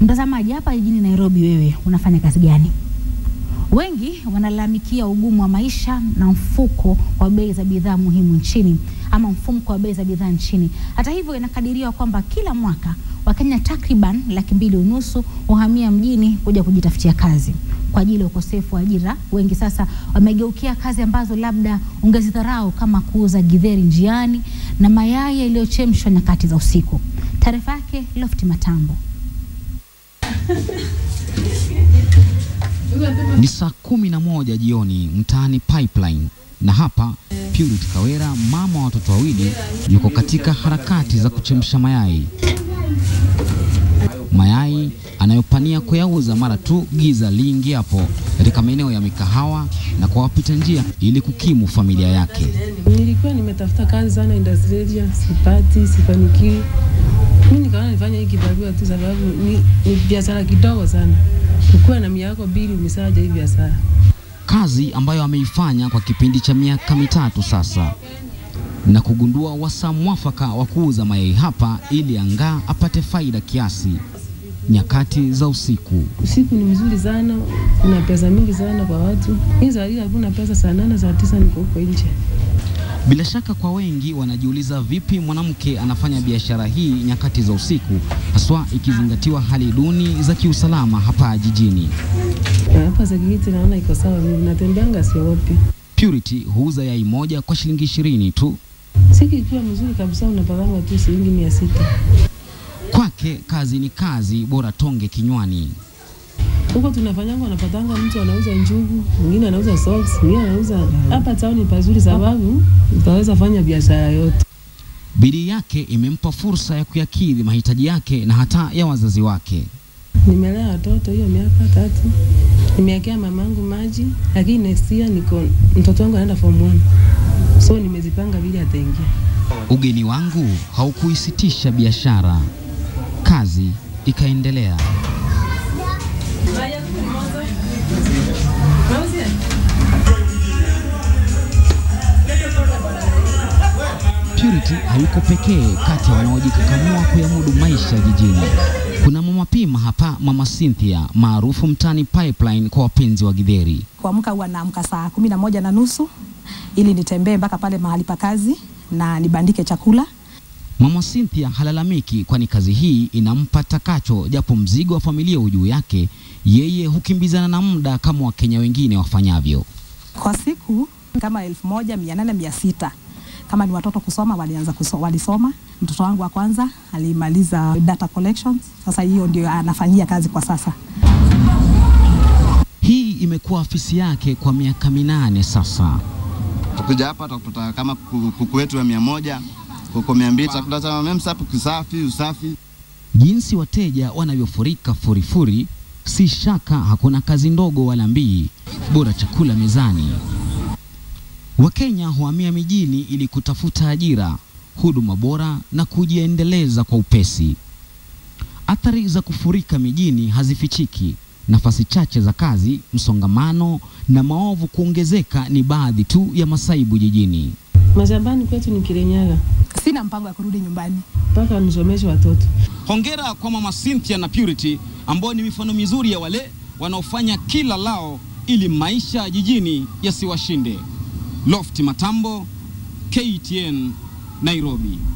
Mtazamaji, hapa jijini Nairobi, wewe unafanya kazi gani? Wengi wanalalamikia ugumu wa maisha na mfuko wa bei za bidhaa muhimu nchini ama mfumko wa bei za bidhaa nchini. Hata hivyo, inakadiriwa kwamba kila mwaka Wakenya takriban laki mbili unusu huhamia mjini kuja kujitafutia kazi kwa ajili ya ukosefu wa ajira. Wengi sasa wamegeukia kazi ambazo labda ungezidharau kama kuuza githeri njiani na mayai yaliyochemshwa nyakati za usiku. Taarifa yake Lofti Matambo. Ni saa kumi na moja jioni mtaani Pipeline, na hapa Purity Kawera, mama wa watoto wawili, yuko katika harakati za kuchemsha mayai, mayai anayopania kuyauza mara tu giza lingi hapo katika maeneo ya mikahawa na kwa wapita njia ili kukimu familia yake. Nilikuwa nimetafuta kazi sana, sipati, sifanikiwi mimi nikaona nifanye hii kibarua tu sababu ni, ni biashara kidogo sana. Ukiwa na miaka mbili umesaja hii biashara. Kazi ambayo ameifanya kwa kipindi cha miaka mitatu sasa na kugundua wasaa mwafaka wa kuuza mayai hapa ili angaa apate faida kiasi nyakati za usiku. Usiku ni mzuri sana, kuna pesa mingi sana kwa watu. Hizo hali hakuna pesa, saa nane saa tisa niko huko nje. Bila shaka kwa wengi wanajiuliza vipi mwanamke anafanya biashara hii nyakati za usiku, haswa ikizingatiwa hali duni za kiusalama hapa jijini. Hapa kijiji naona iko sawa, mimi natembeanga siogopi. Purity huuza yai moja kwa shilingi ishirini tu. Siki ikiwa mzuri kabisa unapatanga tu shilingi mia sita. Kwake kazi ni kazi, bora tonge kinywani huko tunafanyanga, anapatanga mtu anauza njugu, mwingine anauza socks, mwingine anauza hapa. ni pazuri, sababu utaweza fanya biashara yote. Bidii yake imempa fursa ya kuyakidhi mahitaji yake na hata ya wazazi wake. Nimelea watoto hiyo miaka tatu, nimeakea mamangu maji, lakini next year niko mtoto wangu anaenda form 1 so nimezipanga vile ataingia. Ugeni wangu haukuisitisha biashara, kazi ikaendelea. Mabati hayuko pekee kati ya wanaojikakamua kuyamudu maisha jijini. Kuna mama Pima hapa, mama Cynthia maarufu mtani Pipeline kwa wapenzi wa gidheri Kuamka huwa naamka saa kumi na moja na nusu ili nitembee mpaka pale mahali pa kazi na nibandike chakula. Mama Cynthia halalamiki, kwani kazi hii inampa takacho, japo mzigo wa familia ujuu yake. Yeye hukimbizana na muda kama Wakenya wengine wafanyavyo. Kwa siku kama elfu moja mia nane mia sita kama ni watoto kusoma, walianza kusoma, walisoma. Mtoto wangu wa kwanza alimaliza data collection, sasa hiyo ndio anafanyia kazi kwa sasa. Hii imekuwa afisi yake kwa miaka minane sasa. Tukija hapa tutapata kama kuku wetu wa mia moja kuku mia mbili chakula kisafi, usafi. Jinsi wateja wanavyofurika furifuri, si shaka hakuna kazi ndogo wala mbii, bora chakula mezani. Wakenya huhamia mijini ili kutafuta ajira, huduma bora na kujiendeleza kwa upesi. Athari za kufurika mijini hazifichiki. Nafasi chache za kazi, msongamano na maovu kuongezeka ni baadhi tu ya masaibu jijini. Mashambani kwetu ni Kirenyaga. Sina mpango ya kurudi nyumbani mpaka nisomeshe watoto. Hongera kwa Mama Cynthia na Purity ambao ni mifano mizuri ya wale wanaofanya kila lao ili maisha jijini yasiwashinde. Lofti Matambo, KTN Nairobi.